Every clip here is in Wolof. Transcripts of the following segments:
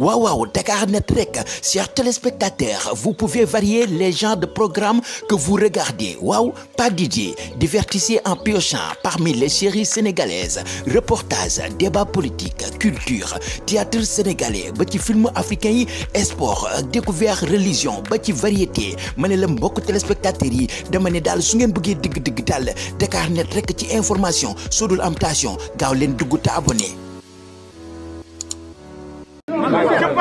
waaw waaw Dakarnet rek chers téléspectateurs vous pouvez varier les gens de programme que vous regardez waaw pas Didier divertissez en piochant parmi les séries sénégalaises reportages débats politiques culture théâtre sénégalais ba ci film africain yi sport découverte religion ba ci variété ma ne la mbokk téléspectateurs yi dama ne daal su ngeen bëggee digg digg daal Dakarnet rek ci information sodul am tation gaaw leen dugg abonné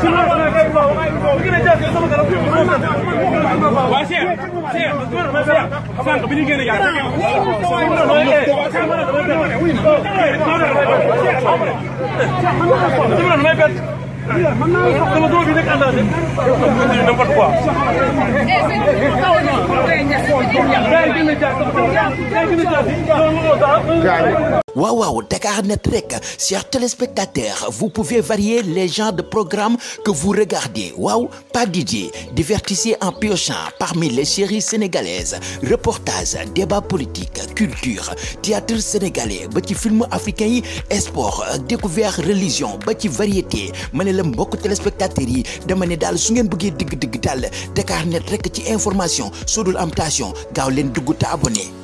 Come on, waaye Cheikh Cheikh sànq bi ñu génnee yaa ngi man naa la sama doom bi nekk àndaate. waaw waaw Dakarnet rek chers vous pouvez varier les genres de programme que vous regardez waaw pas DJ divertissez en piochant parmi les séries sénégalaises reportages débats politiques culture théâtre sénégalais ba ci film africain yi sport découverte religion ba ci variété ma ne la mbokk téléspectateurs yi dama ne daal su ngeen bëggee digg digg daal Dakarnet rek ci information sodul amtation gaaw leen te abonné